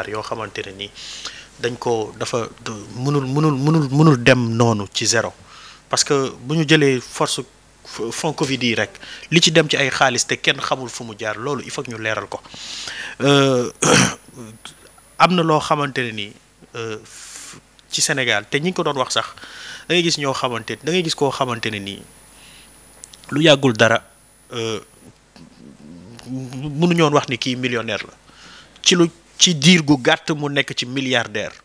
hectares yoo xamante ne nii dañ ko dafa mënul mënul mënul mënul dem noonu ci zéro parce que bu ñu jëlee force fonds Covid yi rek li ci dem ci ay xaalis te kenn xamul fu mu jaar loolu il faut ñu leeral ko euh, am na loo xamante ne nii euh, ci Sénégal te ñi ko doon wax sax da gis ñoo xamante da ngay gis koo xamante ne nii lu yàggul dara euh, mënuñoon wax ni kii millionaire la ci lu ci diir gu gàtt mu nekk ci milliardaire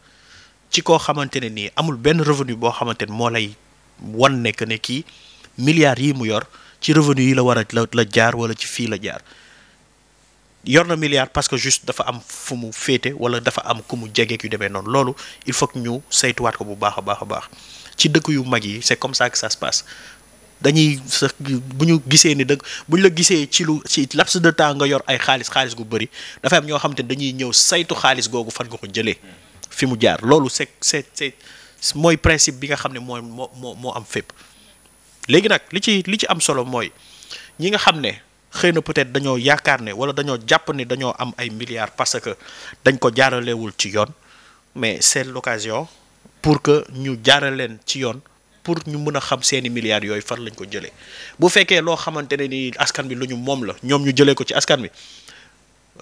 ci koo xamante ne nii amul benn revenu boo xamante ne moo lay wan nekk ne kii milliards yi mu yor ci revenu yi la war a la jaar wala ci fii la jaar yor na milliard parce que juste dafa am fu mu féete wala dafa am ku mu jegeek yu demee noonu loolu il faut que ñu saytuwaat ko bu baax a baax a baax ci dëkk yu mag yi c'est comme ça que ça se dañuy sax bu ñu gisee ni dëgg bu ñu la gisee ci lu ci laps de temps nga yor ay xaalis xaalis gu bëri dafa am ñoo xam te ne dañuy ñëw saytu xaalis googu fan nga ko jëlee fi mu jaar loolu c'est c'est mooy principe bi nga xam ne mooy moo moo moo am fépp léegi nag li ci li ci am solo mooy ñi nga xam ne xëy na peut-être dañoo yaakaar ne wala dañoo jàpp ne dañoo am ay milliards parce que dañ ko jaaralewul ci yoon mais c'est l'occasion pour que ñu jaaraleen ci yoon pour ñu mën a xam seeni milliards yooyu fan lañ ko jëlee bu fekkee loo xamante ne ni askan bi lu ñu moom la ñoom ñu jëlee ko ci askan bi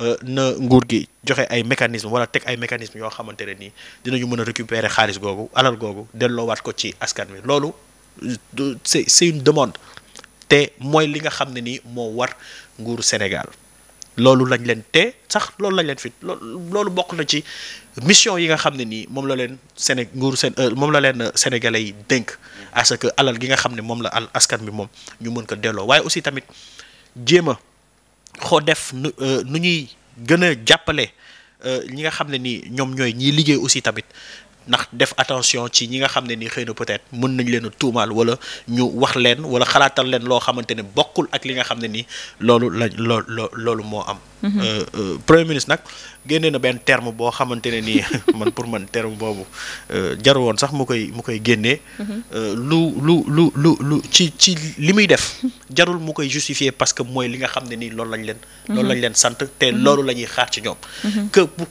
euh, na nguur gi joxe ay mécanisme wala teg ay mécanisme yoo xamante ne nii dinañu mën a récupérer xaalis googu alal googu delloo waat ko ci askan bi loolu c'est c'est une demande te mooy li nga xam ne nii moo war nguuru Sénégal loolu lañ leen te sax loolu lañ leen fit loolu bokk na ci mission yi nga xam ne nii moom la leen Séné nguuru seen euh, moom la leen sénégalais yi dénk à que alal gi nga xam ne moom la al askan bi moom ñu mën ko delloo waaye aussi tamit jéem a xoo def nu euh, nu ñuy gën a jàppale euh, ñi nga xam ne nii ñoom ñooy ñiy liggéey aussi tamit ndax def attention ci ñi nga xam ne ni xëy na peut-être mën nañ leen a tuumaal wala ñu wax leen wala xalaatal leen loo xamante ne bokkul ak li nga xam ne ni loolu la loo loolu moo am. Mhm. Euh, euh, premier ministre nag génnee na benn terme boo xamante ne nii man pour man terme boobu euh, jaru woon sax mu koy mu koy génnee. Mhm. lu lu lu lu lu ci ci li muy def jarul mu koy justifier parce que mooy li nga xam ne nii loolu lañ leen. loolu mhm. lañ leen sant te loolu la ñuy xaar ci ñoom.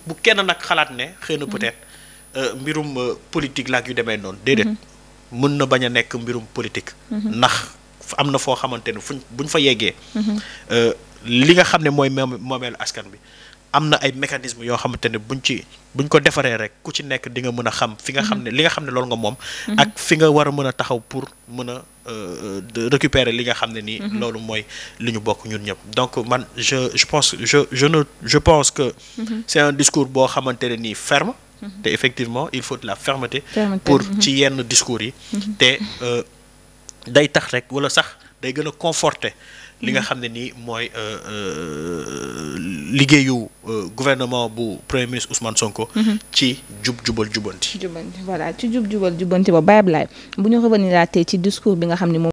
bu kenn nag xalaat ne xëy na peut-être. Euh, mbirum euh, politique laak yu demee noonu déedéet mm-hmm. mën na bañ a nekk mbirum politique mm-hmm. ndax am na foo xamante ne fuñ buñ fa yeggee mm-hmm. euh, li nga xam ne mooy moomeelu askan bi am na ay mécanisme yoo xamante ne buñ ci buñ ko defaree rek ku ci nekk di nga mën a xam fi nga xam ne li nga xam ne loolu nga moom ak fi nga war a mën a taxaw pour mën a récupérer li nga xam ne nii loolu mooy li ñu bokk ñun ñëpp donc man je je pense je je ne je pense que c'est un discours boo xamante ne nii ferme te effectivement il faut de la fermeté pour mm-hmm. ci yenn discours yi mm-hmm. te euh, day tax rek wala sax day gëna conforté conforter li nga mm-hmm. xam ne ni mooy euh, euh, liggéeyu gouvernement bu premier ministre Ousmane Sonko. ci jub jubal jubanti. voilà ci jub jubal jubanti ba Baye Ablaye bu ñu revenir ci discours bi nga xam ne moom.